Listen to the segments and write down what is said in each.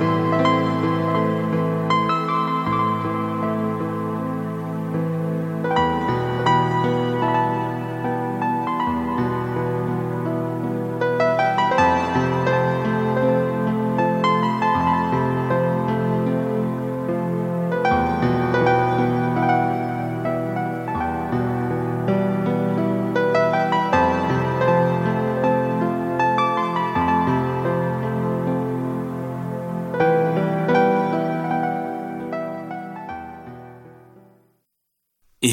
you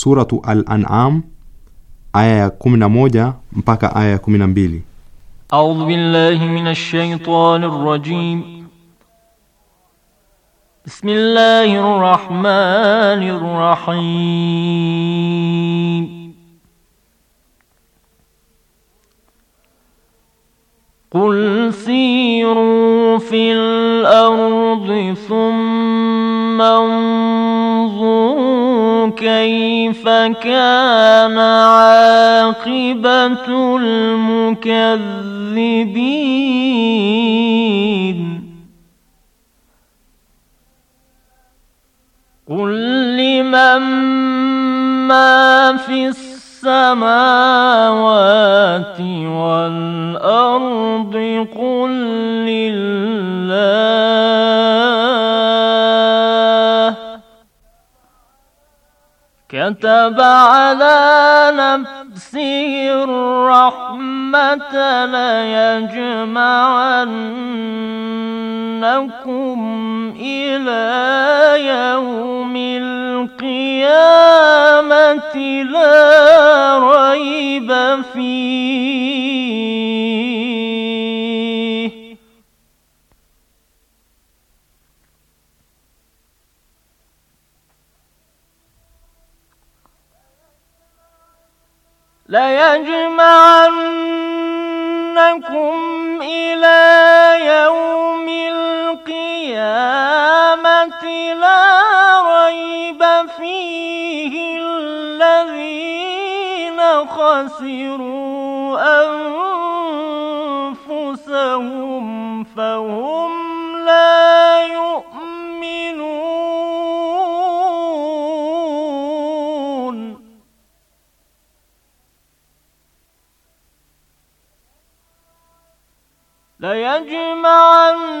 Suratu Al-An'am aya ya kumi 11 mpaka aya ya 12. A'udhu billahi minash shaitanir rajim. Bismillahir rahmanir rahim. قل سيروا في الأرض ثم انظروا كيف كان عاقبة المكذبين قل لمن ما في السماء السماوات والأرض قل لله كتب على نفسه الرحمة ليجمعنكم إلى يوم الله القيامة لا ريب فيه ليجمعنكم إلى يوم القيامة لا ريب فيه الذين خسروا أنفسهم فهم لا يؤمنون ليجمعن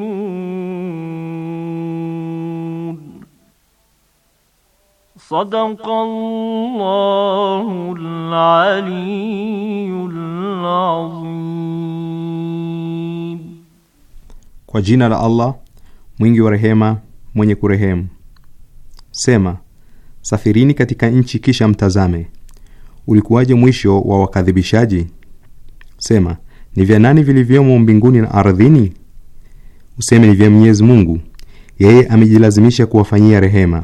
صدق الله العلي العظيم. Kwa jina la Allah mwingi wa rehema mwenye kurehemu. Sema, safirini katika nchi kisha mtazame, ulikuwaje mwisho wa wakadhibishaji? Sema, ni vya nani vilivyomo mbinguni na ardhini? Useme, ni vya Mwenyezi Mungu, yeye amejilazimisha kuwafanyia rehema.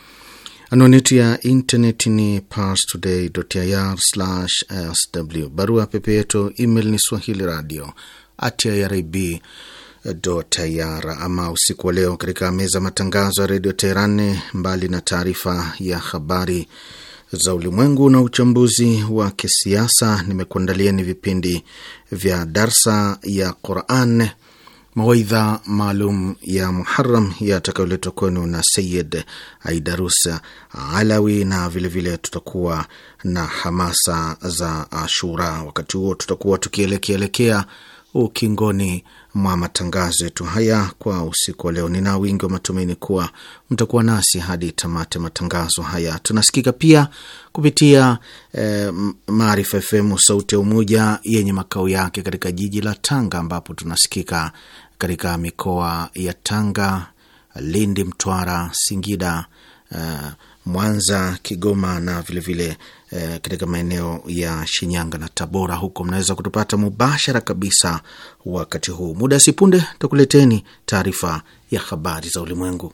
Anwani ya intaneti ni parstoday.ir/sw. Barua pepe yetu email ni swahili radio at irib Ama usiku wa leo katika meza matangazo ya redio Teheran, mbali na taarifa ya habari za ulimwengu na uchambuzi wa kisiasa, nimekuandalia ni vipindi vya darsa ya Quran mawaidha maalum ya Muharam yatakayoletwa kwenu na Sayid aidarus Alawi, na vilevile vile tutakuwa na hamasa za Ashura. Wakati huo tutakuwa tukielekeelekea ukingoni mwa matangazo yetu haya kwa usiku wa leo. Nina wingi wa matumaini kuwa mtakuwa nasi hadi tamate matangazo haya. Tunasikika pia kupitia eh, Maarifa FM sauti ya Umoja yenye makao yake katika jiji la Tanga, ambapo tunasikika katika mikoa ya Tanga, Lindi, Mtwara, Singida eh, Mwanza, Kigoma na vilevile vile, eh, katika maeneo ya Shinyanga na Tabora. Huko mnaweza kutupata mubashara kabisa wakati huu. Muda si punde takuleteni taarifa ya habari za ulimwengu.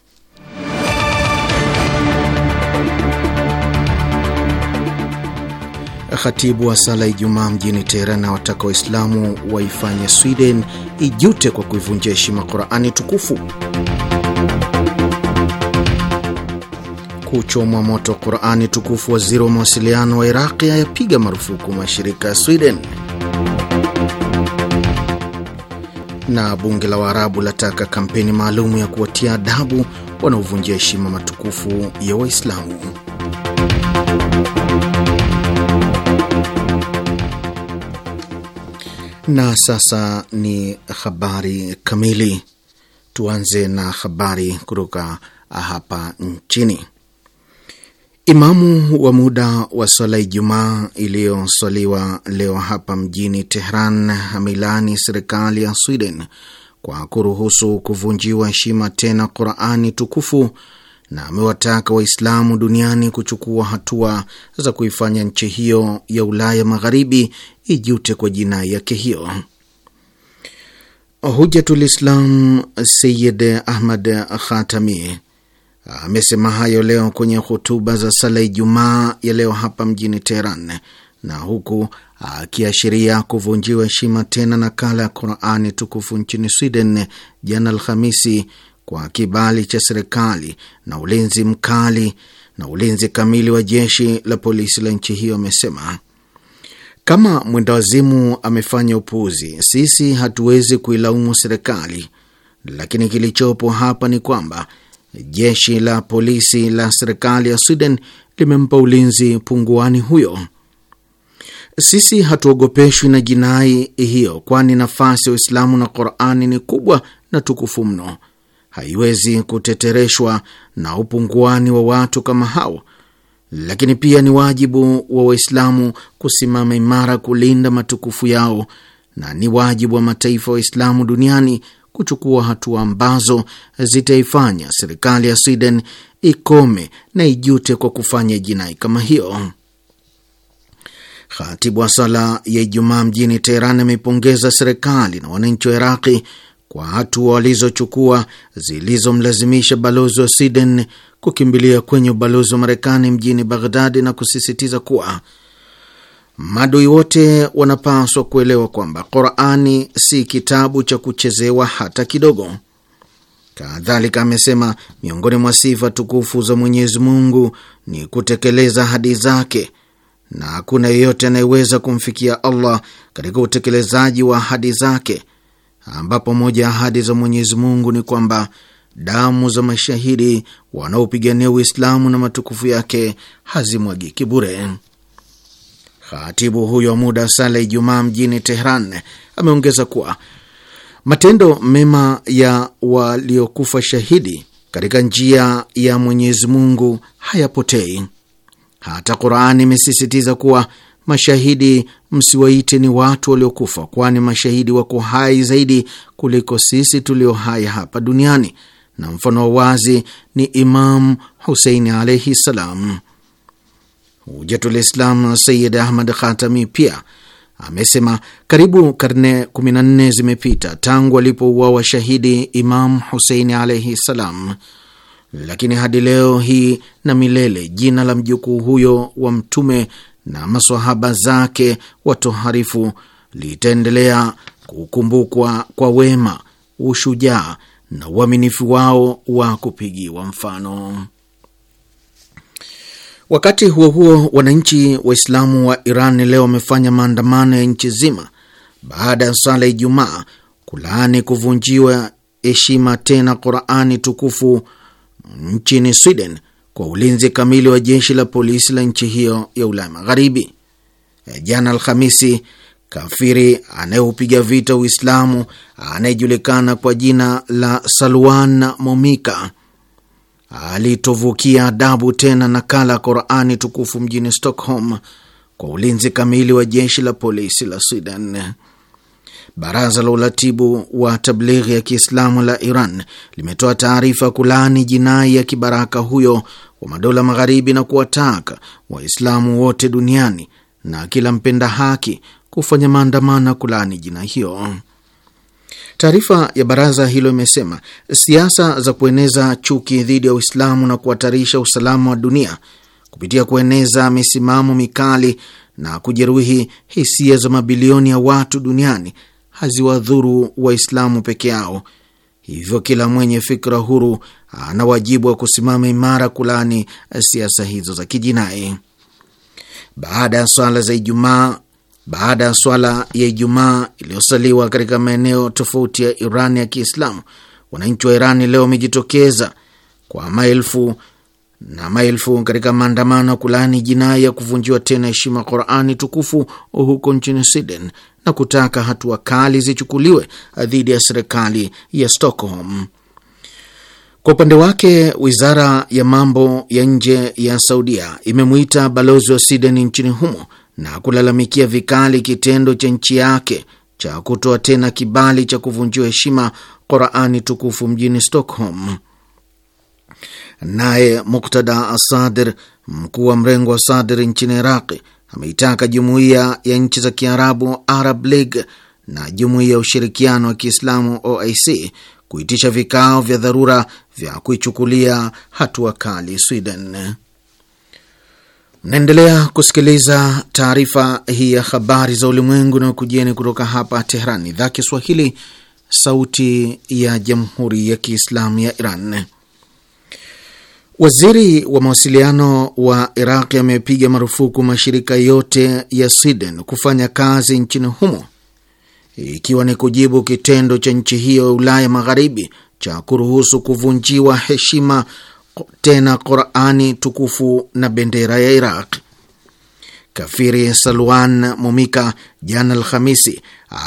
Khatibu wa sala Ijumaa mjini Teheran awataka Waislamu waifanye Sweden ijute kwa kuivunja heshima Qurani tukufu. Kuchomwa moto Qurani tukufu, waziri wa mawasiliano wa Iraqi ayapiga marufuku mashirika ya Sweden. Na bunge la Waarabu lataka kampeni maalum ya kuwatia adabu wanaovunjia heshima matukufu ya Waislamu. Na sasa ni habari kamili. Tuanze na habari kutoka hapa nchini. Imamu wa muda wa swala Ijumaa iliyoswaliwa leo hapa mjini Tehran hamilani serikali ya Sweden kwa kuruhusu kuvunjiwa heshima tena Qurani tukufu na amewataka Waislamu duniani kuchukua hatua za kuifanya nchi hiyo ya Ulaya Magharibi ijute kwa jinai yake hiyo. Hujatul Islam Ahmad Khatami amesema hayo leo kwenye hutuba za sala Ijumaa ya leo hapa mjini Teheran, na huku akiashiria kuvunjiwa heshima tena nakala ya Qurani tukufu nchini Sweden jana Alhamisi kwa kibali cha serikali na ulinzi mkali na ulinzi kamili wa jeshi la polisi la nchi hiyo, amesema kama mwendawazimu amefanya upuuzi, sisi hatuwezi kuilaumu serikali, lakini kilichopo hapa ni kwamba jeshi la polisi la serikali ya Sweden limempa ulinzi punguani huyo. Sisi hatuogopeshwi na jinai hiyo, kwani nafasi ya Uislamu na Qurani ni kubwa na tukufu mno haiwezi kutetereshwa na upunguani wa watu kama hao, lakini pia ni wajibu wa Waislamu kusimama imara kulinda matukufu yao, na ni wajibu wa mataifa Waislamu duniani kuchukua hatua ambazo zitaifanya serikali ya Sweden ikome na ijute kwa kufanya jinai kama hiyo. Khatibu wa sala ya Ijumaa mjini Teheran ameipongeza serikali na wananchi wa Iraqi kwa hatua walizochukua zilizomlazimisha balozi wa Sweden kukimbilia kwenye ubalozi wa Marekani mjini Baghdadi na kusisitiza kuwa madui wote wanapaswa kuelewa kwamba Qurani si kitabu cha kuchezewa hata kidogo. Kadhalika amesema miongoni mwa sifa tukufu za Mwenyezi Mungu ni kutekeleza ahadi zake, na hakuna yeyote anayeweza kumfikia Allah katika utekelezaji wa ahadi zake ambapo moja ya ahadi za Mwenyezi Mungu ni kwamba damu za mashahidi wanaopigania Uislamu na matukufu yake hazimwagiki bure. Khatibu huyo wa muda sala Ijumaa mjini Tehran ameongeza kuwa matendo mema ya waliokufa shahidi katika njia ya Mwenyezi Mungu hayapotei. Hata Qurani imesisitiza kuwa Mashahidi msiwaite ni watu waliokufa, kwani mashahidi wako hai zaidi kuliko sisi tulio hai hapa duniani, na mfano wa wazi ni Imam Huseini alaihi ssalam. Hujatulislam Sayid Ahmad Khatami pia amesema karibu karne 14 zimepita tangu alipouawa shahidi Imam Huseini alaihi ssalam, lakini hadi leo hii na milele jina la mjukuu huyo wa Mtume na masahaba zake watoharifu litaendelea kukumbukwa kwa wema, ushujaa na uaminifu wao wa kupigiwa mfano. Wakati huo huo, wananchi Waislamu wa Iran leo wamefanya maandamano ya nchi zima baada ya sala ya Ijumaa kulaani kuvunjiwa heshima tena Qurani tukufu nchini Sweden kwa ulinzi kamili wa jeshi la polisi la nchi hiyo ya Ulaya Magharibi. Eh, jana Alhamisi, kafiri anayeupiga vita Uislamu anayejulikana kwa jina la Salwan Momika alitovukia adabu tena nakala ya Qorani tukufu mjini Stockholm kwa ulinzi kamili wa jeshi la polisi la Sweden. Baraza la uratibu wa tablighi ya Kiislamu la Iran limetoa taarifa kulaani jinai ya kibaraka huyo wa madola magharibi na kuwataka Waislamu wote duniani na kila mpenda haki kufanya maandamano kulaani jinai hiyo. Taarifa ya baraza hilo imesema siasa za kueneza chuki dhidi ya Uislamu na kuhatarisha usalama wa dunia kupitia kueneza misimamo mikali na kujeruhi hisia za mabilioni ya watu duniani haziwadhuru Waislamu peke yao. Hivyo kila mwenye fikra huru ana wajibu wa kusimama imara kulani siasa hizo za kijinai. Baada ya swala za Ijumaa, baada ya swala ya Ijumaa iliyosaliwa katika maeneo tofauti ya Iran ya Kiislamu, wananchi wa Irani leo wamejitokeza kwa maelfu na maelfu katika maandamano kulaani jinai ya kuvunjiwa tena heshima Qurani tukufu huko nchini Sweden na kutaka hatua kali zichukuliwe dhidi ya serikali ya Stockholm. Kwa upande wake, wizara ya mambo ya nje ya Saudia imemwita balozi wa Sweden nchini humo na kulalamikia vikali kitendo cha nchi yake cha kutoa tena kibali cha kuvunjiwa heshima Qurani tukufu mjini Stockholm. Naye Muktada Asadir, mkuu wa mrengo wa Sadir nchini Iraqi, ameitaka jumuiya ya nchi za Kiarabu, Arab League, na jumuiya ya ushirikiano wa Kiislamu, OIC, kuitisha vikao vya dharura vya kuichukulia hatua kali Sweden. Mnaendelea kusikiliza taarifa hii ya habari za ulimwengu na kujieni kutoka hapa tehran idhaa Kiswahili, sauti ya jamhuri ya Kiislamu ya Iran. Waziri wa mawasiliano wa iraq amepiga marufuku mashirika yote ya Sweden kufanya kazi nchini humo ikiwa ni kujibu kitendo cha nchi hiyo ya Ulaya Magharibi cha kuruhusu kuvunjiwa heshima tena Qurani tukufu na bendera ya Iraq. Kafiri Salwan Mumika jana Alhamisi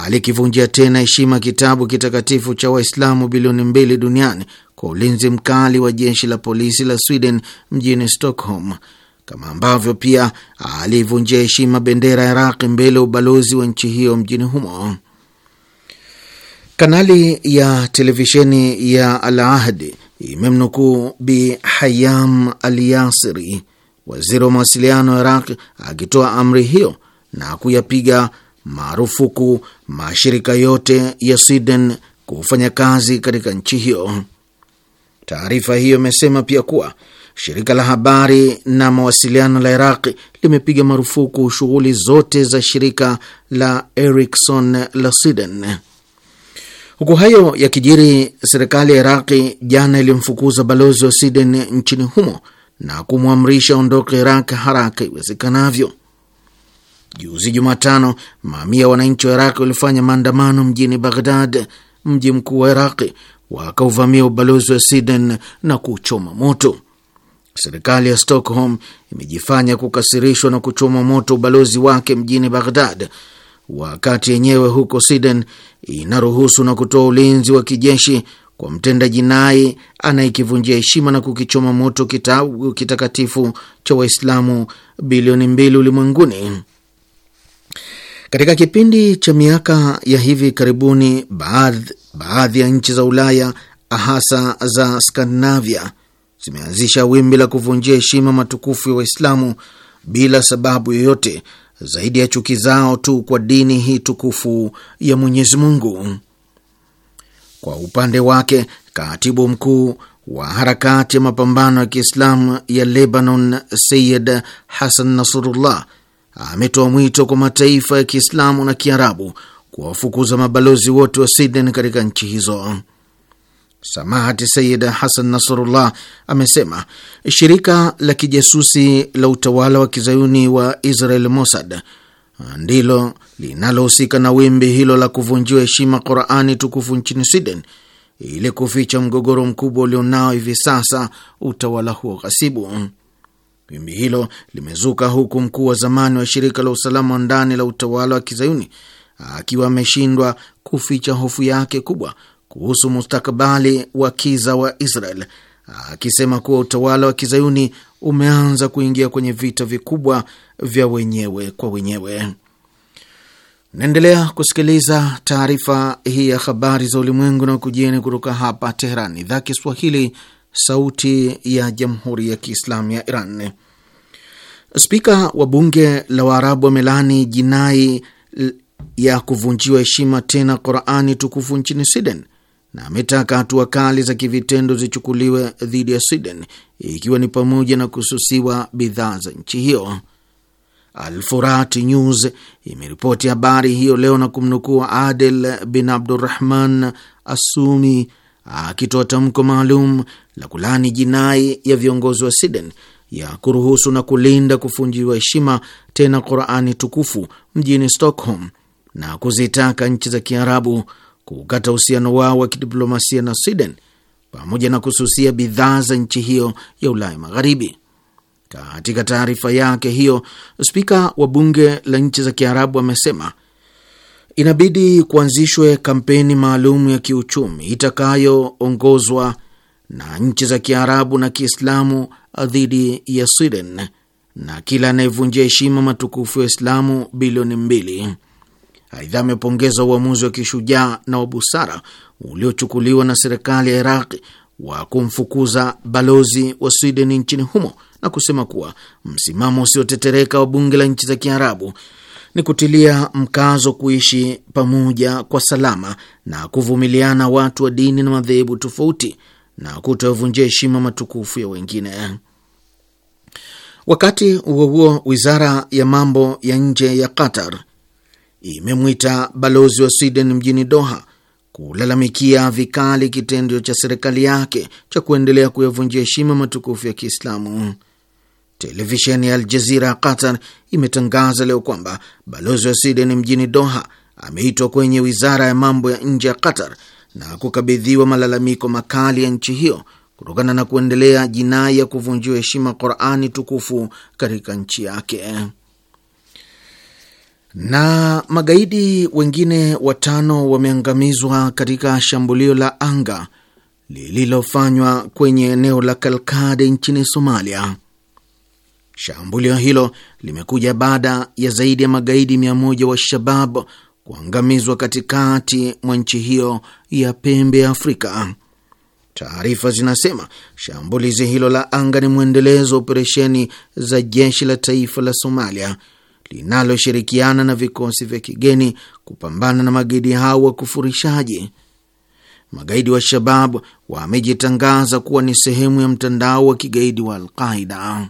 alikivunjia tena heshima kitabu kitakatifu cha Waislamu bilioni mbili duniani kwa ulinzi mkali wa jeshi la polisi la Sweden mjini Stockholm, kama ambavyo pia alivunjia heshima bendera ya Iraq mbele ya ubalozi wa nchi hiyo mjini humo. Kanali ya televisheni ya Al Ahdi imemnukuu Bi Hayam Al Yasiri, waziri wa mawasiliano wa Iraq, akitoa amri hiyo na kuyapiga marufuku mashirika yote ya Sweden kufanya kazi katika nchi hiyo. Taarifa hiyo imesema pia kuwa shirika la habari na mawasiliano la Iraqi limepiga marufuku shughuli zote za shirika la Ericsson la Sweden. Huku hayo yakijiri, serikali ya Iraqi jana ilimfukuza balozi wa Sweden nchini humo na kumwamrisha ondoke Iraq haraka iwezekanavyo. Juzi Jumatano, maamia wananchi wa Iraqi walifanya maandamano mjini Baghdad, mji mkuu wa Iraqi, wakauvamia ubalozi wa Sweden na kuchoma moto. Serikali ya Stockholm imejifanya kukasirishwa na kuchoma moto ubalozi wake mjini Baghdad, wakati yenyewe huko Sweden inaruhusu na kutoa ulinzi wa kijeshi kwa mtenda jinai anayekivunjia heshima na kukichoma moto kitabu kitakatifu cha Waislamu bilioni mbili ulimwenguni. Katika kipindi cha miaka ya hivi karibuni, baadhi baadhi ya nchi za Ulaya hasa za Skandinavia zimeanzisha wimbi la kuvunjia heshima matukufu ya Waislamu bila sababu yoyote zaidi ya chuki zao tu kwa dini hii tukufu ya Mwenyezi Mungu. Kwa upande wake, katibu mkuu wa harakati ya mapambano ya Kiislamu ya Lebanon, Sayid Hasan Nasrullah ametoa mwito kwa mataifa ya Kiislamu na Kiarabu kuwafukuza mabalozi wote wa Sweden katika nchi hizo. Samahati Sayid Hasan Nasrullah amesema shirika la kijasusi la utawala wa kizayuni wa Israel Mossad ndilo linalohusika na wimbi hilo la kuvunjiwa heshima Qurani tukufu nchini Sweden ili kuficha mgogoro mkubwa ulionao hivi sasa utawala huo ghasibu. Wimbi hilo limezuka huku mkuu wa zamani wa shirika la usalama wa ndani la utawala wa kizayuni akiwa ameshindwa kuficha hofu yake kubwa kuhusu mustakabali wa kiza wa Israel, akisema kuwa utawala wa kizayuni umeanza kuingia kwenye vita vikubwa vya wenyewe kwa wenyewe. Naendelea kusikiliza taarifa hii ya habari za ulimwengu na kujieni kutoka hapa Teheran, idhaa Kiswahili, sauti ya jamhuri ya kiislamu ya Iran. Spika wa bunge la Waarabu wamelaani jinai ya kuvunjiwa heshima tena Qurani tukufu nchini Sweden na ametaka hatua kali za kivitendo zichukuliwe dhidi ya Sweden ikiwa ni pamoja na kususiwa bidhaa za nchi hiyo. Alfurati News imeripoti habari hiyo leo na kumnukuu Adel bin Abdurrahman Assumi akitoa tamko maalum la kulani jinai ya viongozi wa Sweden ya kuruhusu na kulinda kufunjiwa heshima tena Qurani tukufu mjini Stockholm na kuzitaka nchi za Kiarabu kukata uhusiano wao wa kidiplomasia na Sweden pamoja na kususia bidhaa za nchi hiyo ya Ulaya Magharibi. Katika taarifa yake hiyo, spika wa bunge la nchi za Kiarabu amesema inabidi kuanzishwe kampeni maalum ya kiuchumi itakayoongozwa na nchi za Kiarabu na Kiislamu dhidi ya Sweden na kila anayevunjia heshima matukufu ya Islamu bilioni mbili Aidha, amepongeza uamuzi wa kishujaa na wa busara uliochukuliwa na serikali ya Iraq wa kumfukuza balozi wa Sweden nchini humo na kusema kuwa msimamo usiotetereka wa bunge la nchi za Kiarabu ni kutilia mkazo kuishi pamoja kwa salama na kuvumiliana watu wa dini na madhehebu tofauti na kutovunjia heshima matukufu ya wengine. Wakati huo huo, wizara ya mambo ya nje ya Qatar imemwita balozi wa Sweden mjini Doha kulalamikia vikali kitendo cha serikali yake cha kuendelea kuyavunjia heshima matukufu ya Kiislamu. Televisheni ya Aljazira ya Qatar imetangaza leo kwamba balozi wa Sweden mjini Doha ameitwa kwenye wizara ya mambo ya nje ya Qatar na kukabidhiwa malalamiko makali ya nchi hiyo kutokana na kuendelea jinai ya kuvunjiwa heshima Qurani tukufu katika nchi yake na magaidi wengine watano wameangamizwa katika shambulio la anga lililofanywa kwenye eneo la Kalkade nchini Somalia. Shambulio hilo limekuja baada ya zaidi ya magaidi mia moja wa Shabab kuangamizwa katikati mwa nchi hiyo ya pembe ya Afrika. Taarifa zinasema shambulizi hilo la anga ni mwendelezo wa operesheni za jeshi la taifa la Somalia linaloshirikiana na vikosi vya kigeni kupambana na magaidi hao wa kufurishaji Magaidi wa Shabab wamejitangaza kuwa ni sehemu ya mtandao wa kigaidi wa Alqaida.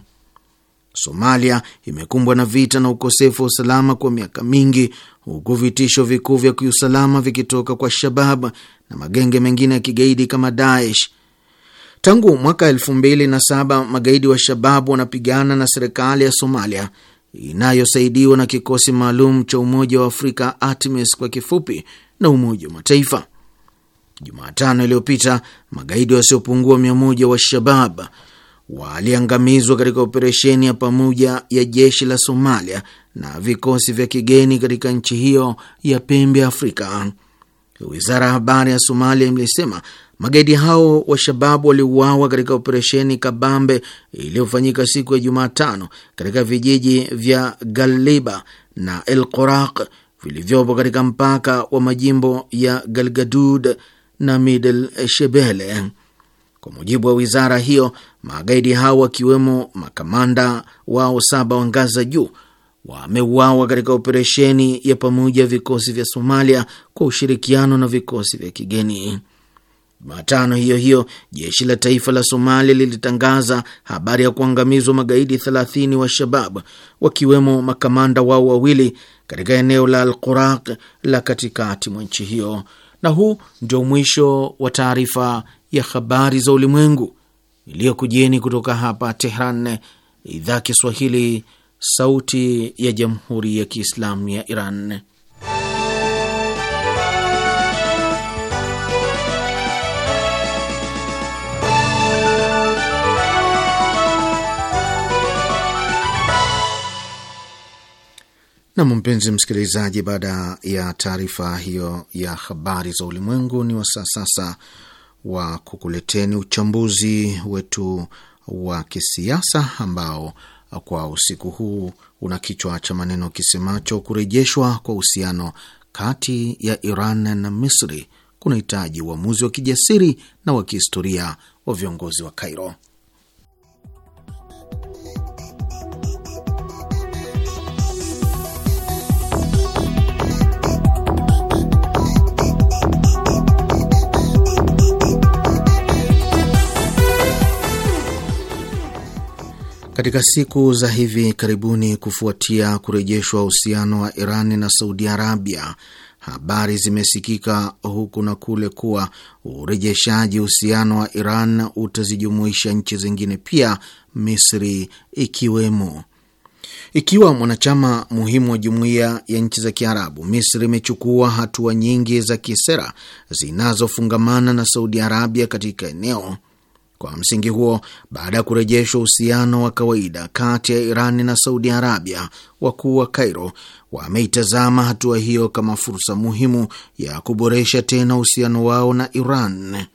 Somalia imekumbwa na vita na ukosefu wa usalama kwa miaka mingi, huku vitisho vikuu vya kiusalama vikitoka kwa Shabab na magenge mengine ya kigaidi kama Daesh. Tangu mwaka elfu mbili na saba magaidi wa Shabab wanapigana na serikali ya Somalia inayosaidiwa na kikosi maalum cha Umoja wa Afrika ATMIS kwa kifupi na Umoja wa Mataifa. Jumatano iliyopita magaidi wasiopungua mia moja wa Shabab waliangamizwa katika operesheni ya pamoja ya jeshi la Somalia na vikosi vya kigeni katika nchi hiyo ya pembe ya Afrika. Wizara ya habari ya Somalia imesema Magaidi hao wa Shababu waliuawa katika operesheni kabambe iliyofanyika siku ya Jumatano katika vijiji vya Galliba na El Qoraq vilivyopo katika mpaka wa majimbo ya Galgadud na Midel Shebele. Kwa mujibu wa wizara hiyo, magaidi hao wakiwemo makamanda wao saba wa ngazi za juu wameuawa katika operesheni ya pamoja vikosi vya Somalia kwa ushirikiano na vikosi vya kigeni. Jumatano hiyo hiyo jeshi la taifa la Somalia lilitangaza habari ya kuangamizwa magaidi 30 wa Shabab, wakiwemo makamanda wao wawili katika eneo la Alquraq la katikati mwa nchi hiyo. Na huu ndio mwisho wa taarifa ya habari za ulimwengu iliyokujieni kutoka hapa Tehran, idhaa Kiswahili, sauti ya jamhuri ya kiislamu ya Iran. Nam, mpenzi msikilizaji, baada ya taarifa hiyo ya habari za ulimwengu, ni wasaa sasa wa kukuleteni uchambuzi wetu wa kisiasa ambao kwa usiku huu una kichwa cha maneno kisemacho kurejeshwa kwa uhusiano kati ya Iran na Misri kunahitaji uamuzi wa kijasiri na wa kihistoria wa viongozi wa Kairo. Katika siku za hivi karibuni, kufuatia kurejeshwa uhusiano wa Iran na Saudi Arabia, habari zimesikika huku na kule kuwa urejeshaji uhusiano wa Iran utazijumuisha nchi zingine pia, Misri ikiwemo. Ikiwa mwanachama muhimu wa jumuiya ya nchi za Kiarabu, Misri imechukua hatua nyingi za kisera zinazofungamana na Saudi Arabia katika eneo kwa msingi huo, baada ya kurejeshwa uhusiano wa kawaida kati ya Iran na Saudi Arabia, wakuu wa Kairo wameitazama hatua hiyo kama fursa muhimu ya kuboresha tena uhusiano wao na Iran.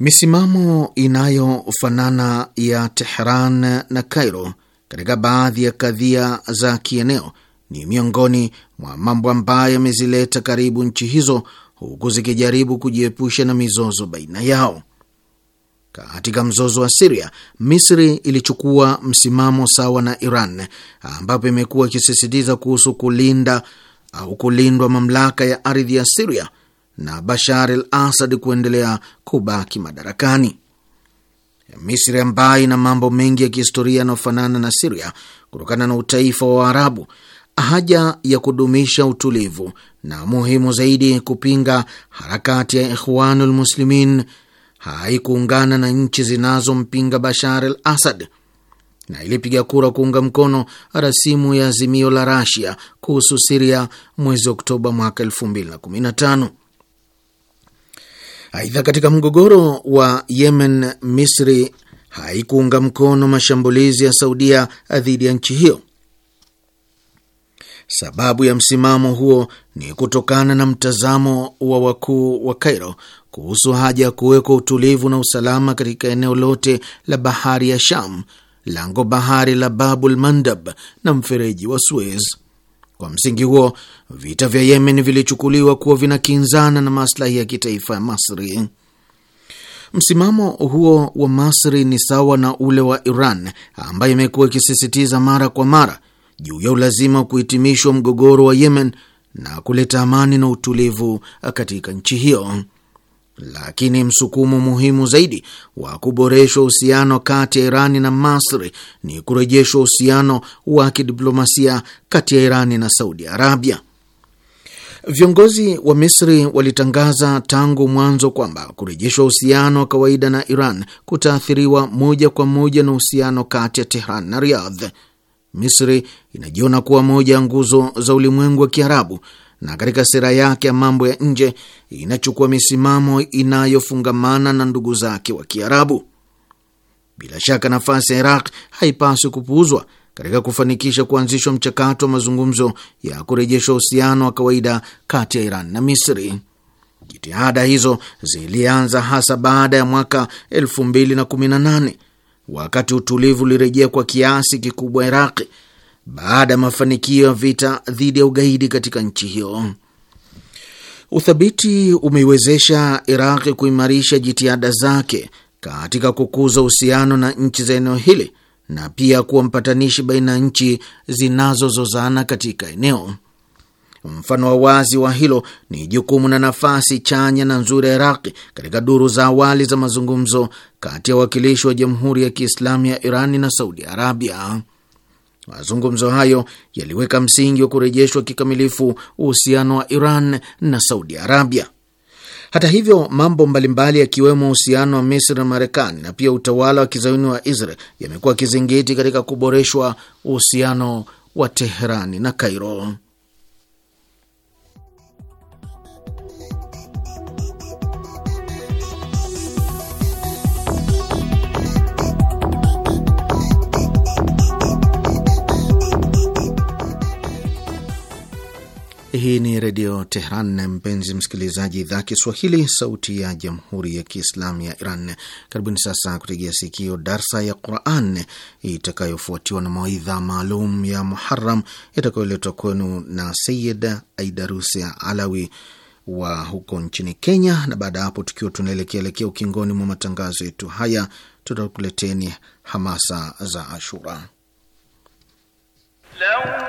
Misimamo inayofanana ya Tehran na Kairo katika baadhi ya kadhia za kieneo ni miongoni mwa mambo ambayo yamezileta karibu nchi hizo, huku zikijaribu kujiepusha na mizozo baina yao. Katika mzozo wa Siria, Misri ilichukua msimamo sawa na Iran, ambapo imekuwa ikisisitiza kuhusu kulinda au kulindwa mamlaka ya ardhi ya Siria na Bashar al Asad kuendelea kubaki madarakani. Misri ambayo ina mambo mengi ya kihistoria yanayofanana na Siria kutokana na utaifa wa Waarabu, haja ya kudumisha utulivu na muhimu zaidi kupinga harakati ya Ikhwanul Muslimin haikuungana na nchi zinazompinga Bashar al Asad na ilipiga kura kuunga mkono rasimu ya azimio la Rasia kuhusu Siria mwezi Oktoba mwaka 2015. Aidha, katika mgogoro wa Yemen, Misri haikuunga mkono mashambulizi ya Saudia dhidi ya nchi hiyo Sababu ya msimamo huo ni kutokana na mtazamo wa wakuu wa Kairo kuhusu haja ya kuwekwa utulivu na usalama katika eneo lote la bahari ya Sham, lango bahari la Babul Mandab na mfereji wa Suez. Kwa msingi huo, vita vya Yemen vilichukuliwa kuwa vinakinzana na maslahi ya kitaifa ya Masri. Msimamo huo wa Masri ni sawa na ule wa Iran ambayo imekuwa ikisisitiza mara kwa mara juu ya ulazima wa kuhitimishwa mgogoro wa Yemen na kuleta amani na utulivu katika nchi hiyo. Lakini msukumo muhimu zaidi wa kuboreshwa uhusiano kati ya Irani na Masri ni kurejeshwa uhusiano wa kidiplomasia kati ya Irani na Saudi Arabia. Viongozi wa Misri walitangaza tangu mwanzo kwamba kurejeshwa uhusiano wa kawaida na Iran kutaathiriwa moja kwa moja na uhusiano kati ya Tehran na Riyadh. Misri inajiona kuwa moja ya nguzo za ulimwengu wa Kiarabu na katika sera yake ya mambo ya nje inachukua misimamo inayofungamana na ndugu zake wa Kiarabu. Bila shaka nafasi ya Iraq haipaswi kupuuzwa katika kufanikisha kuanzishwa mchakato wa mazungumzo ya kurejesha uhusiano wa kawaida kati ya Iran na Misri. Jitihada hizo zilianza hasa baada ya mwaka 218 wakati utulivu ulirejea kwa kiasi kikubwa Iraqi baada ya mafanikio ya vita dhidi ya ugaidi katika nchi hiyo. Uthabiti umeiwezesha Iraqi kuimarisha jitihada zake katika kukuza uhusiano na nchi za eneo hili na pia kuwa mpatanishi baina ya nchi zinazozozana katika eneo. Mfano wa wazi wa hilo ni jukumu na nafasi chanya na nzuri ya Iraqi katika duru za awali za mazungumzo kati ya wakilishi wa Jamhuri ya Kiislamu ya Irani na Saudi Arabia. Mazungumzo hayo yaliweka msingi wa kurejeshwa kikamilifu uhusiano wa Iran na Saudi Arabia. Hata hivyo, mambo mbalimbali yakiwemo uhusiano wa Misri na Marekani na pia utawala wa kizayuni wa Israel yamekuwa kizingiti katika kuboreshwa uhusiano wa Teherani na Kairo. Hii ni Redio Tehran, mpenzi msikilizaji, idhaa Kiswahili, sauti ya jamhuri ya kiislamu ya Iran. Karibuni sasa kutegea sikio darsa ya Quran itakayofuatiwa na mawaidha maalum ya Muharam yatakayoletwa kwenu na Sayid Aidarusi Alawi wa huko nchini Kenya. Na baada ya hapo, tukiwa tunaelekeaelekea ukingoni mwa matangazo yetu haya, tutakuleteni hamasa za Ashura Law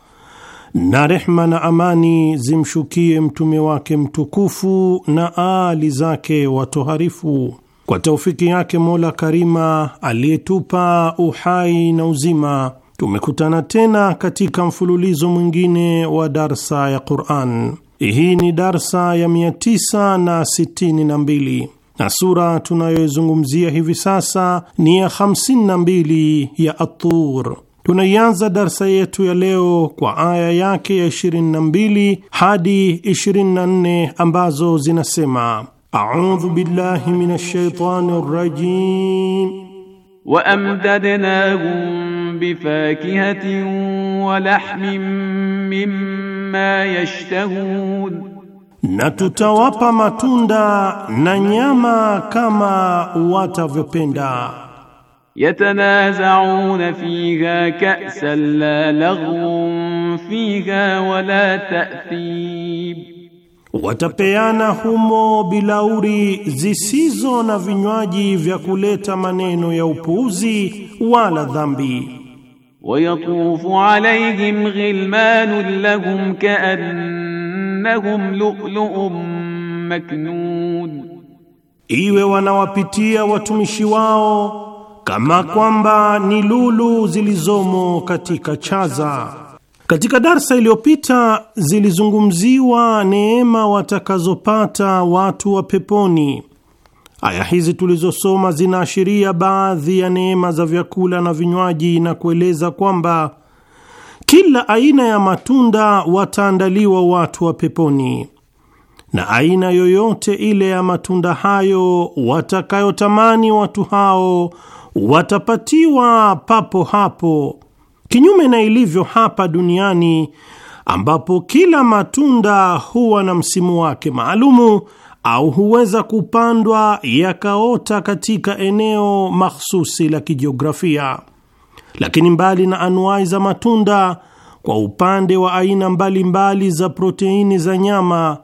na rehma na amani zimshukie mtume wake mtukufu na aali zake watoharifu. Kwa taufiki yake Mola Karima aliyetupa uhai na uzima, tumekutana tena katika mfululizo mwingine wa darsa ya Quran. Hii ni darsa ya 962 na sura tunayoizungumzia hivi sasa ni ya 52 ya At-Tur. Tunaianza darsa yetu ya leo kwa aya yake ya 22 hadi 24 ambazo zinasema: audhu billahi minash shaitani rajim wa amdadnahum bifakihatin wa lahmin mimma yashtahun, na tutawapa matunda na nyama kama watavyopenda yatanazauna fiha ka'san la laghwun fiha wala ta'thib, watapeana humo bilauri zisizo na vinywaji vya kuleta maneno ya upuuzi wala dhambi. Wayatufu alayhim ghilmanun lahum kaannahum lu'lu'un maknun, iwe wanawapitia watumishi wao kama kwamba ni lulu zilizomo katika chaza. Katika darsa iliyopita zilizungumziwa neema watakazopata watu wa peponi. Aya hizi tulizosoma zinaashiria baadhi ya neema za vyakula na vinywaji na kueleza kwamba kila aina ya matunda wataandaliwa watu wa peponi, na aina yoyote ile ya matunda hayo watakayotamani watu hao watapatiwa papo hapo, kinyume na ilivyo hapa duniani ambapo kila matunda huwa na msimu wake maalumu au huweza kupandwa yakaota katika eneo mahsusi la kijiografia. Lakini mbali na anuai za matunda, kwa upande wa aina mbalimbali mbali za proteini za nyama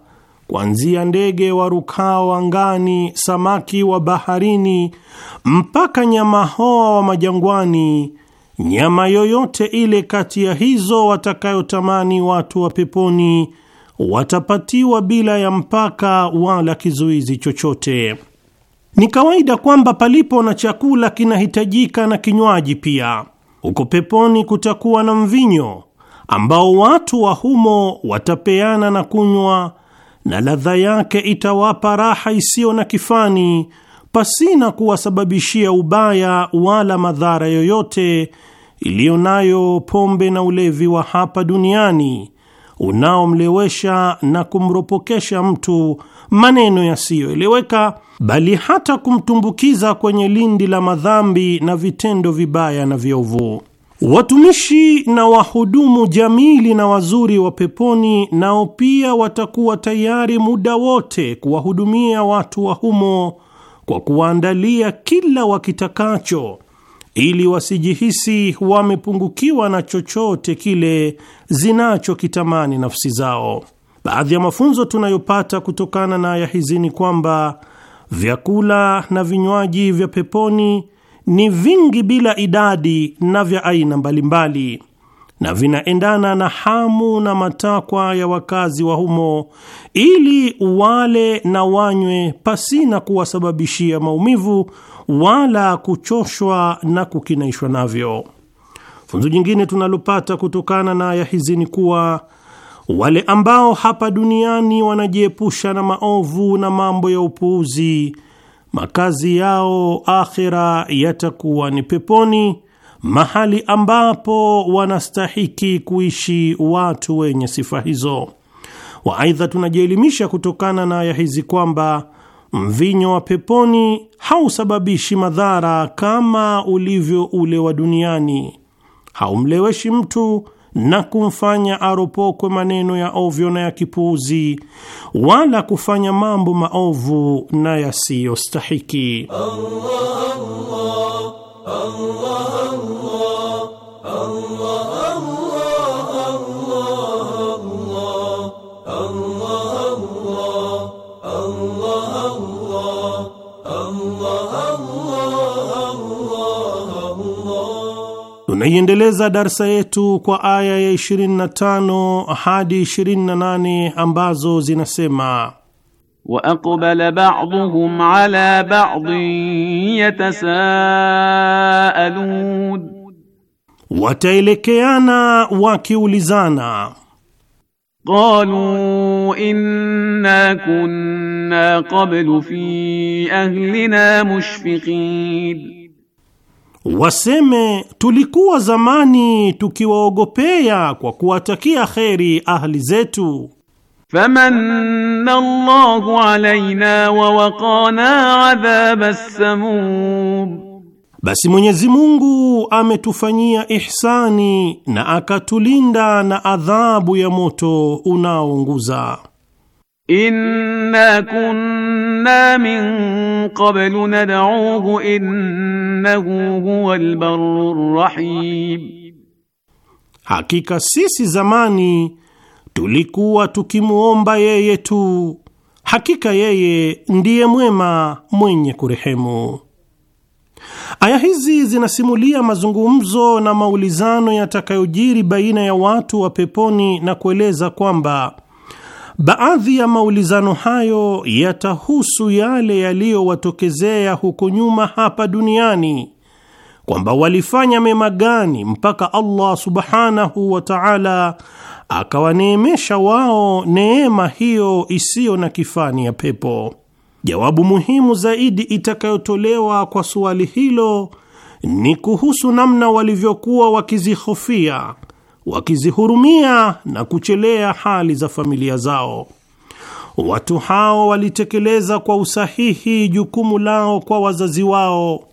kuanzia ndege wa warukao angani, samaki wa baharini, mpaka nyama hoa wa majangwani, nyama yoyote ile kati ya hizo watakayotamani watu wa peponi watapatiwa bila ya mpaka wala kizuizi chochote. Ni kawaida kwamba palipo na chakula kinahitajika na kinywaji pia. Huko peponi kutakuwa na mvinyo ambao watu wa humo watapeana na kunywa na ladha yake itawapa raha isiyo na kifani pasina kuwasababishia ubaya wala madhara yoyote iliyo nayo pombe na ulevi wa hapa duniani unaomlewesha na kumropokesha mtu maneno yasiyoeleweka, bali hata kumtumbukiza kwenye lindi la madhambi na vitendo vibaya na viovu. Watumishi na wahudumu jamili na wazuri wa peponi nao pia watakuwa tayari muda wote kuwahudumia watu wa humo kwa kuwaandalia kila wakitakacho ili wasijihisi wamepungukiwa na chochote kile zinachokitamani nafsi zao. Baadhi ya mafunzo tunayopata kutokana na aya hizi ni kwamba vyakula na vinywaji vya peponi ni vingi bila idadi na vya aina mbalimbali na vinaendana na hamu na matakwa ya wakazi wa humo, ili wale na wanywe pasina kuwasababishia maumivu wala kuchoshwa na kukinaishwa navyo. Funzo jingine tunalopata kutokana na aya hizi ni kuwa wale ambao hapa duniani wanajiepusha na maovu na mambo ya upuuzi makazi yao akhira yatakuwa ni peponi, mahali ambapo wanastahiki kuishi watu wenye sifa hizo. Waaidha, tunajielimisha kutokana na aya hizi kwamba mvinyo wa peponi hausababishi madhara kama ulivyo ule wa duniani, haumleweshi mtu na kumfanya aropokwe maneno ya ovyo na ya kipuuzi, wala kufanya mambo maovu na yasiyostahiki. Allah, Allah, Allah. Tunaiendeleza darsa yetu kwa aya ya 25 hadi 28 ambazo zinasema: wa aqbala ba'dhum ala ba'dhin yatasaalun, wataelekeana wakiulizana. Qalu inna kunna qablu fi ahlina mushfiqin waseme tulikuwa zamani tukiwaogopea kwa kuwatakia kheri ahli zetu. famanna Allahu alaina wa waqana adhaba samum, basi Mwenyezi Mungu ametufanyia ihsani na akatulinda na adhabu ya moto unaounguza. Inna kunna min qablu nad'uuhu innahu huwal barrur rahim, hakika sisi zamani tulikuwa tukimwomba yeye tu, hakika yeye ndiye mwema mwenye kurehemu. Aya hizi zinasimulia mazungumzo na maulizano yatakayojiri baina ya watu wa peponi na kueleza kwamba Baadhi ya maulizano hayo yatahusu yale yaliyowatokezea huko nyuma hapa duniani, kwamba walifanya mema gani mpaka Allah subhanahu wa ta'ala akawaneemesha wao neema hiyo isiyo na kifani ya pepo. Jawabu muhimu zaidi itakayotolewa kwa suali hilo ni kuhusu namna walivyokuwa wakizihofia wakizihurumia na kuchelea hali za familia zao. Watu hao walitekeleza kwa usahihi jukumu lao kwa wazazi wao,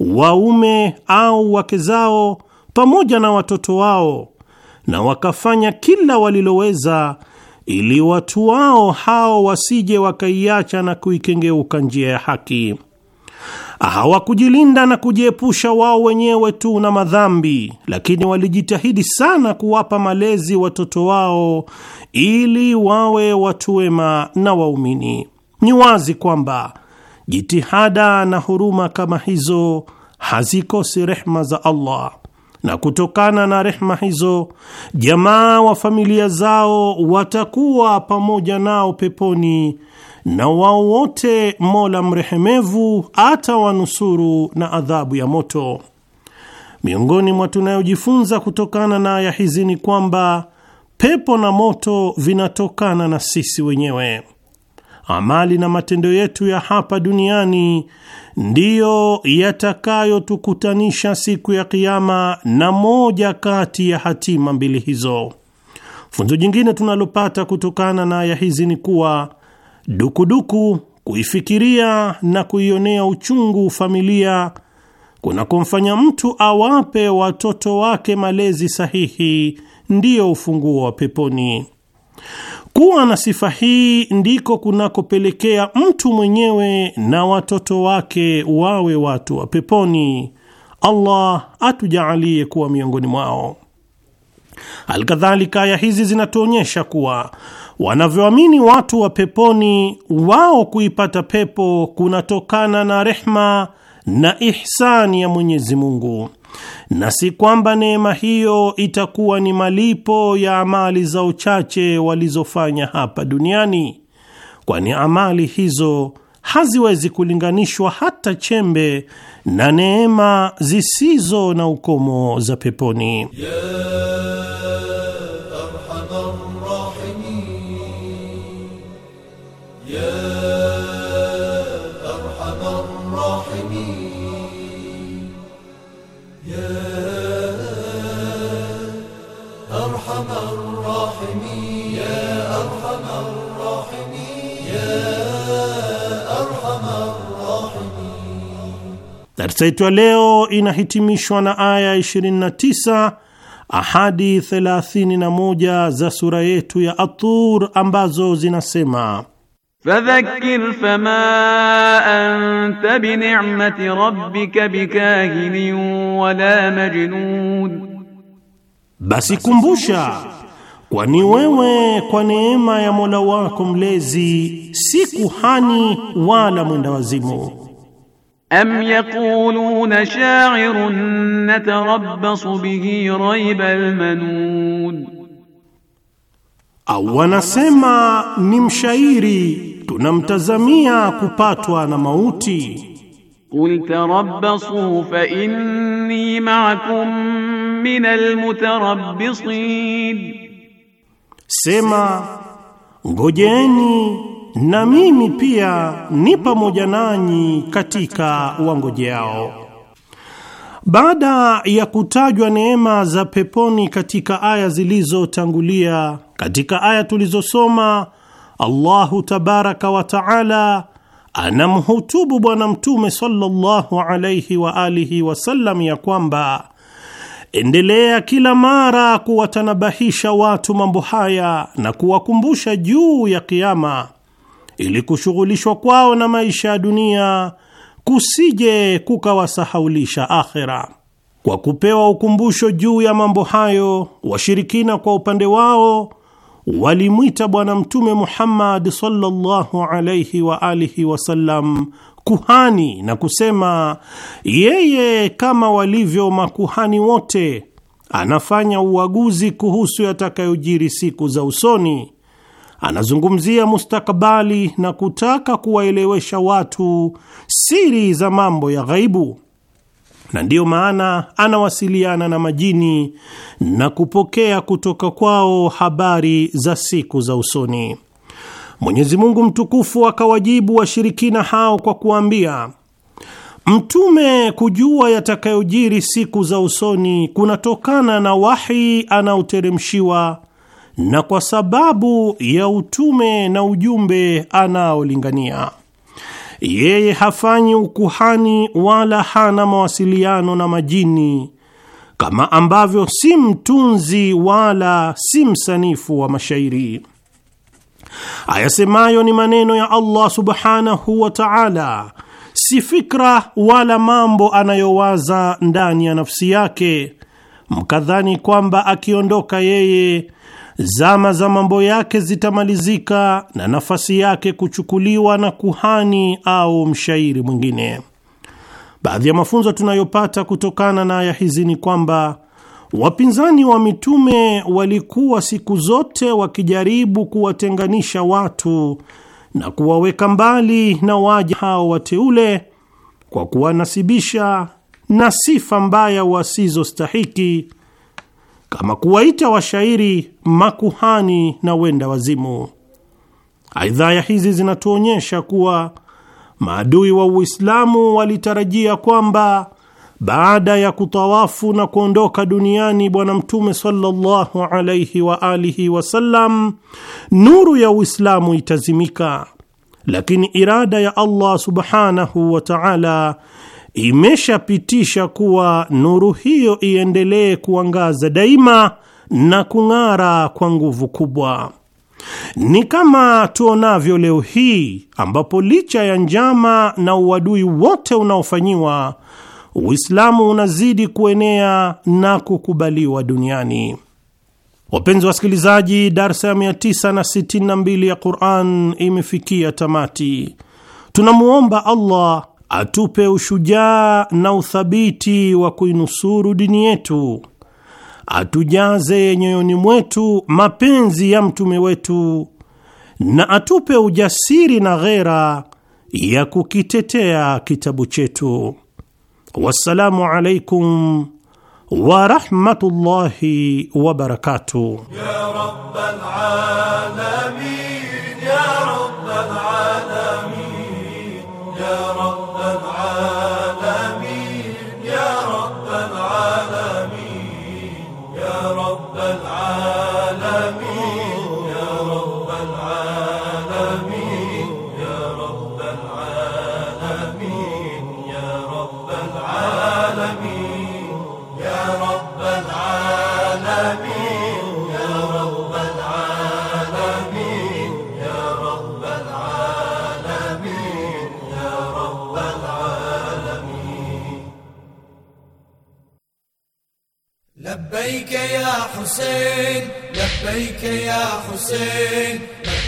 waume au wake zao, pamoja na watoto wao, na wakafanya kila waliloweza ili watu wao hao wasije wakaiacha na kuikengeuka njia ya haki. Hawakujilinda na kujiepusha wao wenyewe tu na madhambi, lakini walijitahidi sana kuwapa malezi watoto wao ili wawe watu wema na waumini. Ni wazi kwamba jitihada na huruma kama hizo hazikosi rehma za Allah, na kutokana na rehma hizo jamaa wa familia zao watakuwa pamoja nao peponi na wao wote Mola mrehemevu atawanusuru na adhabu ya moto. Miongoni mwa tunayojifunza kutokana na aya hizi ni kwamba pepo na moto vinatokana na sisi wenyewe. Amali na matendo yetu ya hapa duniani ndiyo yatakayotukutanisha siku ya Kiama na moja kati ya hatima mbili hizo. Funzo jingine tunalopata kutokana na aya hizi ni kuwa dukuduku kuifikiria na kuionea uchungu familia kunakomfanya mtu awape watoto wake malezi sahihi ndiyo ufunguo wa peponi. Kuwa na sifa hii ndiko kunakopelekea mtu mwenyewe na watoto wake wawe watu wa peponi. Allah atujaalie kuwa miongoni mwao. Alkadhalika, aya hizi zinatuonyesha kuwa wanavyoamini watu wa peponi, wao kuipata pepo kunatokana na rehma na ihsani ya Mwenyezi Mungu, na si kwamba neema hiyo itakuwa ni malipo ya amali za uchache walizofanya hapa duniani, kwani amali hizo haziwezi kulinganishwa hata chembe na neema zisizo na ukomo za peponi yeah. Darsa yetu ya leo inahitimishwa na aya 29 ahadi 31 za sura yetu ya Atur ambazo zinasema Fadhakir fama anta bini'mati rabbika bikahini wala majnun, basi kumbusha, kwani wewe kwa neema ya Mola wako mlezi si kuhani wala mwenda wazimu am yaquluna sha'irun natarabbasu bihi rayba almanud, au wanasema ni mshairi tunamtazamia kupatwa na mauti. Qul tarabbasu fa inni ma'akum min almutarabbisin, sema ngojeni na mimi pia ni pamoja nanyi katika wangojeao. Baada ya kutajwa neema za peponi katika aya zilizotangulia, katika aya tulizosoma, Allahu tabaraka wa taala anamhutubu Bwana Mtume sallallahu alayhi wa alihi wasallam ya kwamba endelea kila mara kuwatanabahisha watu mambo haya na kuwakumbusha juu ya Kiama ili kushughulishwa kwao na maisha ya dunia kusije kukawasahaulisha akhera. Kwa kupewa ukumbusho juu ya mambo hayo, washirikina kwa upande wao walimwita Bwana Mtume Muhammad sallallahu alayhi wa alihi wasallam kuhani na kusema yeye kama walivyo makuhani wote anafanya uaguzi kuhusu yatakayojiri siku za usoni anazungumzia mustakabali na kutaka kuwaelewesha watu siri za mambo ya ghaibu, na ndiyo maana anawasiliana na majini na kupokea kutoka kwao habari za siku za usoni. Mwenyezi Mungu mtukufu akawajibu washirikina hao kwa kuambia Mtume kujua yatakayojiri siku za usoni kunatokana na wahi anaoteremshiwa na kwa sababu ya utume na ujumbe anaolingania yeye hafanyi ukuhani wala hana mawasiliano na majini, kama ambavyo si mtunzi wala si msanifu wa mashairi. Ayasemayo ni maneno ya Allah subhanahu wa ta'ala, si fikra wala mambo anayowaza ndani ya nafsi yake, mkadhani kwamba akiondoka yeye Zama za mambo yake zitamalizika na nafasi yake kuchukuliwa na kuhani au mshairi mwingine. Baadhi ya mafunzo tunayopata kutokana na aya hizi ni kwamba wapinzani wa mitume walikuwa siku zote wakijaribu kuwatenganisha watu na kuwaweka mbali na waja hao wateule kwa kuwanasibisha na sifa mbaya wasizostahiki kama kuwaita washairi, makuhani na wenda wazimu. Aidha, hizi zinatuonyesha kuwa maadui wa Uislamu walitarajia kwamba baada ya kutawafu na kuondoka duniani Bwana Mtume sallallahu alaihi wa alihi wasallam, nuru ya Uislamu itazimika, lakini irada ya Allah subhanahu wa taala imeshapitisha kuwa nuru hiyo iendelee kuangaza daima na kung'ara kwa nguvu kubwa. Ni kama tuonavyo leo hii ambapo licha ya njama na uadui wote unaofanyiwa Uislamu unazidi kuenea na kukubaliwa duniani. Wapenzi wasikilizaji, darsa ya 962 ya Quran imefikia tamati. Tunamwomba Allah atupe ushujaa na uthabiti wa kuinusuru dini yetu, atujaze nyoyoni mwetu mapenzi ya mtume wetu, na atupe ujasiri na ghera ya kukitetea kitabu chetu. Wassalamu alaikum wa rahmatullahi wa barakatuh ya rabbal alamin ya rabbal alamin حسين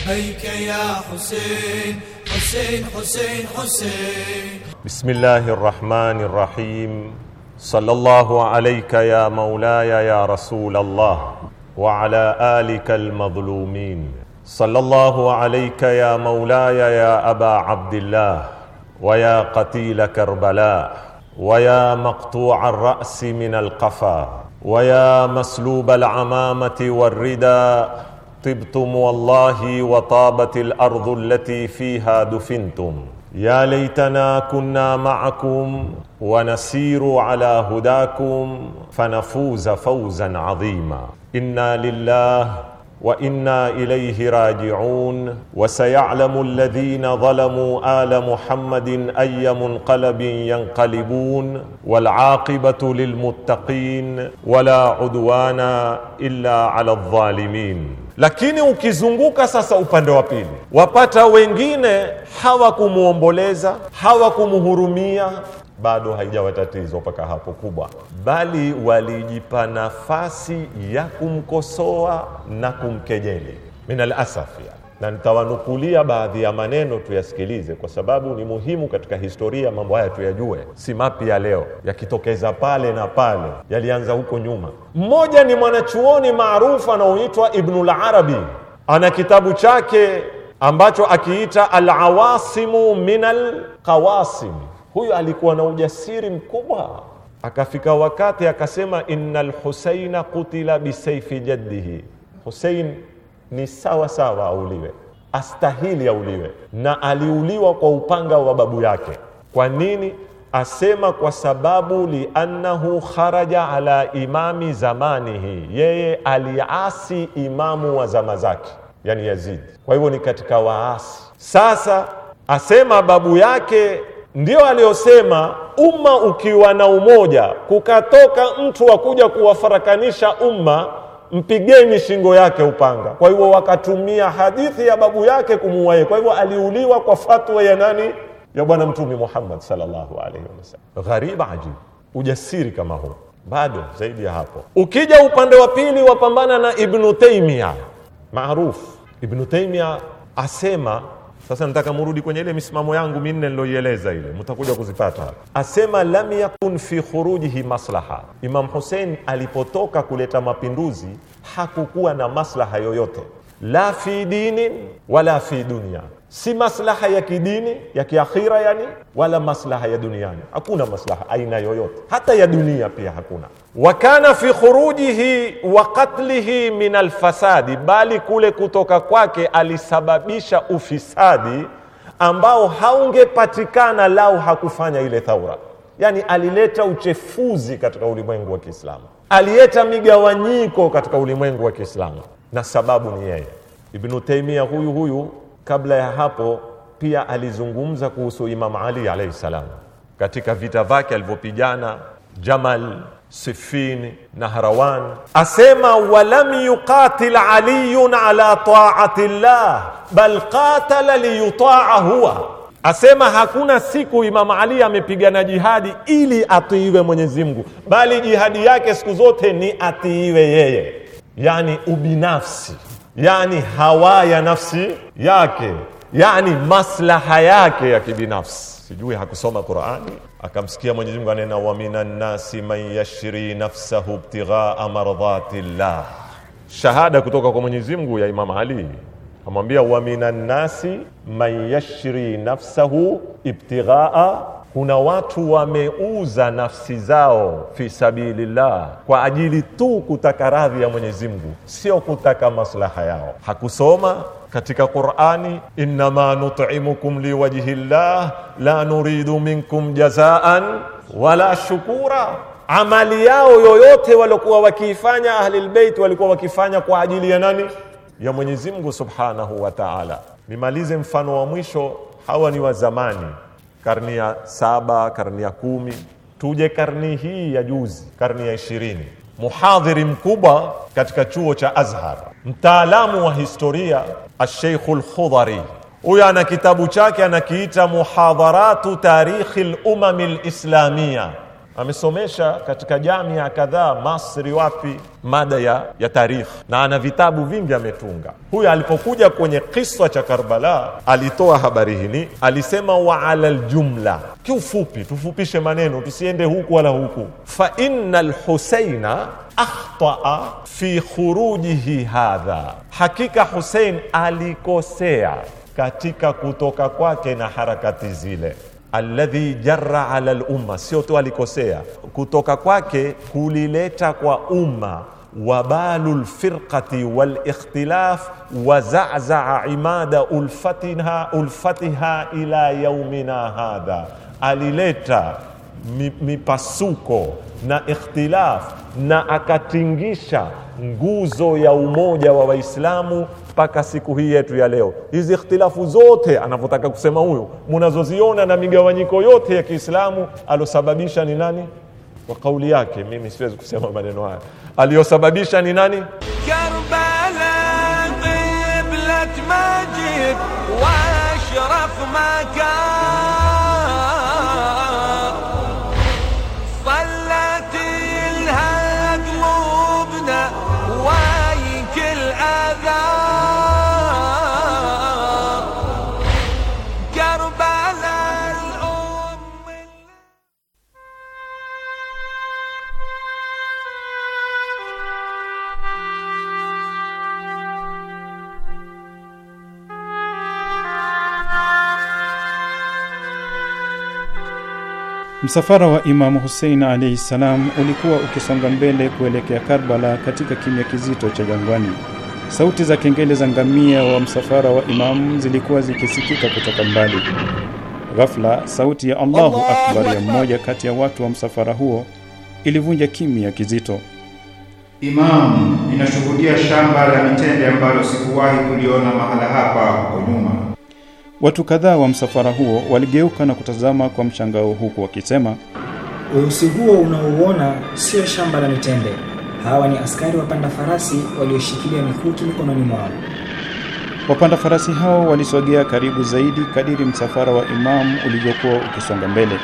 لبيك يا حسين حسين حسين حسين بسم الله الرحمن الرحيم صلى الله عليك يا مولاي يا رسول الله وعلى آلك المظلومين صلى الله عليك يا مولاي يا أبا عبد الله ويا قتيل كربلاء ويا مقطوع الرأس من القفا ويا مسلوب العمامة والرداء طبتم والله وطابت الارض التي فيها دفنتم يا ليتنا كنا معكم ونسير على هداكم فنفوز فوزا عظيما انا لله وانا اليه راجعون وسيعلم الذين ظلموا ال محمد اي منقلب ينقلبون والعاقبه للمتقين ولا عدوان الا على الظالمين Lakini ukizunguka sasa upande wa pili, wapata wengine hawakumwomboleza, hawakumhurumia bado haijawa tatizo mpaka hapo kubwa, bali walijipa nafasi ya kumkosoa na kumkejeli min alasafia na nitawanukulia baadhi ya maneno tuyasikilize, kwa sababu ni muhimu katika historia. Mambo haya tuyajue, si mapya leo, yakitokeza pale na pale, yalianza huko nyuma. Mmoja ni mwanachuoni maarufu anaoitwa Ibnul Arabi, ana kitabu chake ambacho akiita Alawasimu min Alqawasim. Huyu alikuwa na ujasiri mkubwa, akafika wakati akasema, inna lhuseina kutila bisaifi jaddihi Husein ni sawa sawa auliwe, astahili auliwe, na aliuliwa kwa upanga wa babu yake. Kwa nini? Asema kwa sababu liannahu kharaja ala imami zamanihi, yeye aliasi imamu wa zama zake, yani Yazidi. Kwa hivyo ni katika waasi. Sasa asema babu yake ndio aliyosema umma ukiwa na umoja, kukatoka mtu wa kuja kuwafarakanisha umma mpigeni shingo yake upanga. Kwa hivyo wakatumia hadithi ya babu yake kumuua yeye. Kwa hivyo aliuliwa kwa fatwa ya nani? Ya Bwana Mtume Muhammad sallallahu alaihi wasallam. Ghariba, ajibu ujasiri kama huu bado zaidi ya hapo. Ukija upande wa pili, wapambana na Ibnu Taimia maarufu. Ibnu Taimia asema sasa nataka murudi kwenye ile misimamo yangu minne niloieleza ile mtakuja kuzipata asema lam yakun fi khurujihi maslaha imam husein alipotoka kuleta mapinduzi hakukuwa na maslaha yoyote la fi dinin wala fi dunia si maslaha ya kidini ya kiakhira, yani wala maslaha ya duniani. Hakuna maslaha aina yoyote, hata ya dunia pia hakuna. Wa kana fi khurujihi wa qatlihi min alfasadi, bali kule kutoka kwake alisababisha ufisadi ambao haungepatikana lau hakufanya ile thaura. Yani alileta uchefuzi katika ulimwengu wa Kiislamu, alileta migawanyiko katika ulimwengu wa Kiislamu, na sababu ni yeye Ibnu Taimia huyu huyu Kabla ya hapo pia alizungumza kuhusu Imam Ali alaihi salam katika vita vyake alivyopigana Jamal, Siffin na Harawan, asema walam yuqatil aliyun ala taati llah bal qatala liyutaa huwa, asema hakuna siku Imam Ali amepigana jihadi ili atiiwe Mwenyezi Mungu, bali jihadi yake siku zote ni atiiwe yeye, yani ubinafsi yani hawa ya nafsi yake, yani maslaha yake ya kibinafsi. Sijui hakusoma Qurani, akamsikia Mwenyezi Mungu anena, wa minan nasi man yashri nafsahu btighaa mardhati llah. Shahada kutoka kwa Mwenyezi Mungu ya Imam Ali amwambia, wa minan man yashri nafsahu ibtighaa kuna watu wameuza nafsi zao fi sabilillah kwa ajili tu kutaka radhi ya Mwenyezi Mungu, sio kutaka maslaha yao. Hakusoma katika Qur'ani, innama nut'imukum liwajhi llah la nuridu minkum jazaan wala shukura. Amali yao yoyote waliokuwa wakiifanya ahlilbeit walikuwa wakifanya kwa ajili ya nani? Ya Mwenyezi Mungu subhanahu wa ta'ala. Nimalize mfano wa mwisho, hawa ni wa zamani karni ya saba, karni ya kumi. Tuje karni hii ya juzi, karni ya ishirini. Muhadhiri mkubwa katika chuo cha Azhar, mtaalamu wa historia Asheikhu Lkhudhari, huyo ana kitabu chake anakiita Muhadharatu Tarikhi Lumami Lislamia amesomesha katika jamia kadhaa Masri wapi, mada ya, ya tarikhi na ana vitabu vingi ametunga. Huyu alipokuja kwenye kisa cha Karbala alitoa habari hili, alisema wa ala ljumla, kiufupi, tufupishe maneno tusiende huku wala huku, fa inna lhuseina akhtaa fi khurujihi hadha, hakika Husein alikosea katika kutoka kwake na harakati zile alladhi jarra ala lumma, sio tu alikosea kutoka kwake kulileta kwa umma wabalu lfirqati walikhtilaf wazazaa imada ulfatiha, ulfatiha ila yaumina hadha, alileta mipasuko na ikhtilaf na akatingisha nguzo ya umoja wa Waislamu mpaka siku hii yetu ya leo. Hizi ikhtilafu zote anavyotaka kusema huyu munazoziona na migawanyiko yote ya Kiislamu alosababisha ni nani? Kwa kauli yake, mimi siwezi kusema maneno haya. Aliyosababisha ni nani? Karbala Msafara wa Imamu Husein alaihi ssalam ulikuwa ukisonga mbele kuelekea Karbala katika kimya kizito cha jangwani. Sauti za kengele za ngamia wa msafara wa Imamu zilikuwa zikisikika kutoka mbali. Ghafla, sauti ya Allahu akbar ya mmoja kati ya watu wa msafara huo ilivunja kimya kizito. Imamu, ninashuhudia shamba la mitende ambalo sikuwahi kuliona mahala hapa huko nyuma. Watu kadhaa wa msafara huo waligeuka na kutazama kwa mshangao huku wakisema, weusi huo unaouona sio shamba la mitende. Hawa ni askari wapanda farasi walioshikilia mikuki mikononi mwao. Wapanda farasi hao walisogea karibu zaidi kadiri msafara wa Imamu ulivyokuwa ukisonga mbele.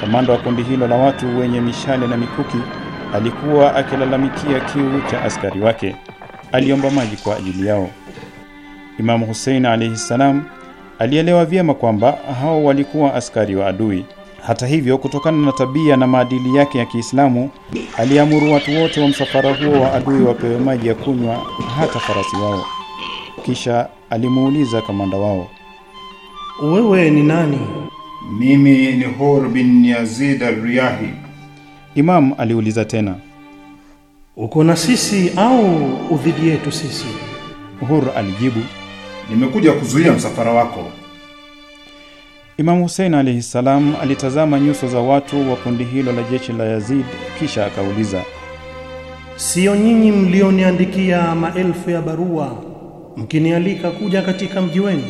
Kamanda wa kundi hilo la watu wenye mishale na mikuki alikuwa akilalamikia kiu cha askari wake. Aliomba maji kwa ajili yao. Imamu Hussein alayhi salam Alielewa vyema kwamba hao walikuwa askari wa adui. Hata hivyo, kutokana na tabia na maadili yake ya Kiislamu, aliamuru watu wote wa msafara huo wa adui wapewe maji ya kunywa, hata farasi wao. Kisha alimuuliza kamanda wao, wewe ni nani? Mimi ni Hur bin Yazid al-Riyahi. Imam aliuliza tena, uko na sisi au udhidi yetu sisi? Hur alijibu nimekuja kuzuia msafara wako. Imamu Husein alaihi ssalam alitazama nyuso za watu wa kundi hilo la jeshi la Yazid, kisha akauliza, siyo nyinyi mlioniandikia maelfu ya barua mkinialika kuja katika mji wenu?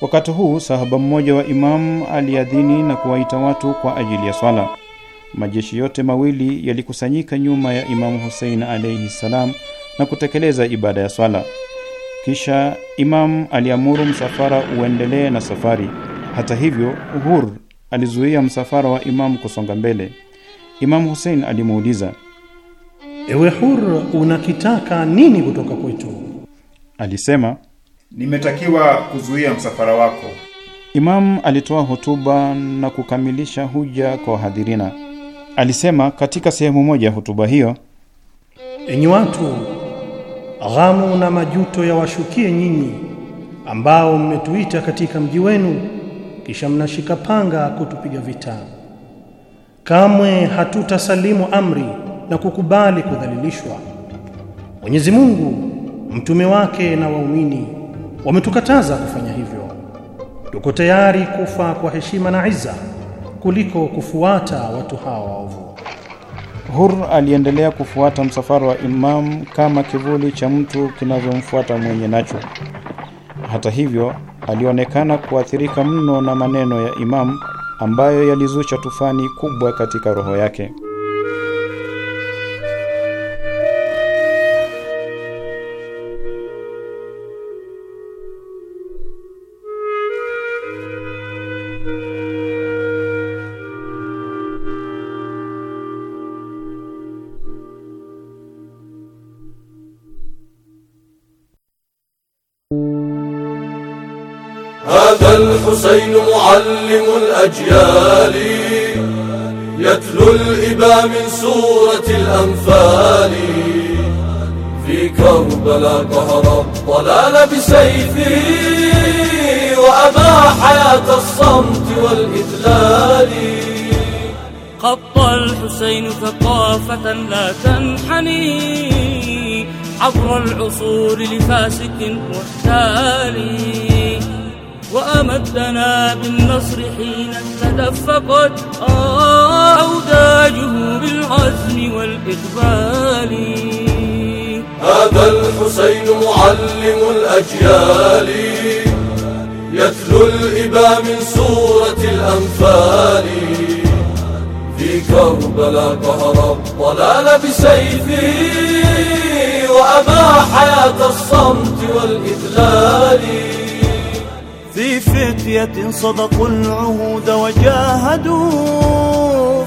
Wakati huu sahaba mmoja wa imamu aliadhini na kuwaita watu kwa ajili ya swala. Majeshi yote mawili yalikusanyika nyuma ya Imamu Husein alaihi ssalam na kutekeleza ibada ya swala. Kisha Imam aliamuru msafara uendelee na safari. Hata hivyo, Hur alizuia msafara wa Imam kusonga mbele. Imam Hussein alimuuliza, ewe Hur, unakitaka nini kutoka kwetu? Alisema, nimetakiwa kuzuia msafara wako. Imam alitoa hotuba na kukamilisha huja kwa wahadhirina Alisema katika sehemu moja ya hotuba hiyo, enyi watu ghamu na majuto ya washukie nyinyi ambao mmetuita katika mji wenu, kisha mnashika panga kutupiga vita. Kamwe hatutasalimu amri na kukubali kudhalilishwa. Mwenyezi Mungu, mtume wake na waumini wametukataza kufanya hivyo. Tuko tayari kufa kwa heshima na iza kuliko kufuata watu hawa waovu. Hur aliendelea kufuata msafara wa Imam kama kivuli cha mtu kinavyomfuata mwenye nacho. Hata hivyo, alionekana kuathirika mno na maneno ya Imam ambayo yalizusha tufani kubwa katika roho yake. الحسين معلم الأجيال يتلو الإبا من سورة الأنفال في كربلاء قهر الضلال بسيفه وأبى حياة الصمت والإذلال قط الحسين ثقافة لا تنحني عبر العصور لفاسق محتال وأمدنا بالنصر حين تدفقت أوداجه بالعزم والإقبال هذا الحسين معلم الأجيال يتلو الإبا من سورة الأنفال في كربلاء قهر الضلال بسيفه وأبى حياة الصمت والإذلال في فتية صدقوا العهود وجاهدوا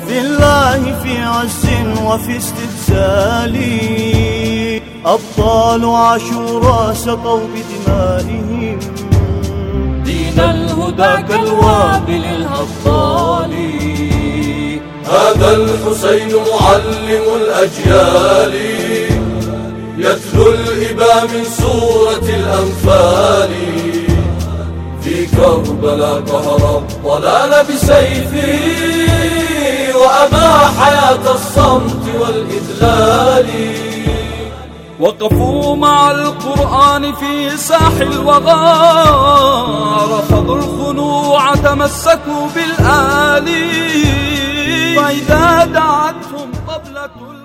في الله في عز وفي استبسال أبطال عاشوراء سقوا بدمائهم دين الهدى كالوابل الهطال هذا الحسين معلم الأجيال يتلو الإبا من سورة الأنفال في كربلا قهر طلال بسيفه وأما حياة الصمت والإذلال وقفوا مع القرآن في ساح الوغى رفضوا الخنوع تمسكوا بالآل فإذا دعتهم قبل كل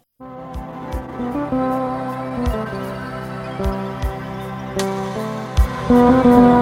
Música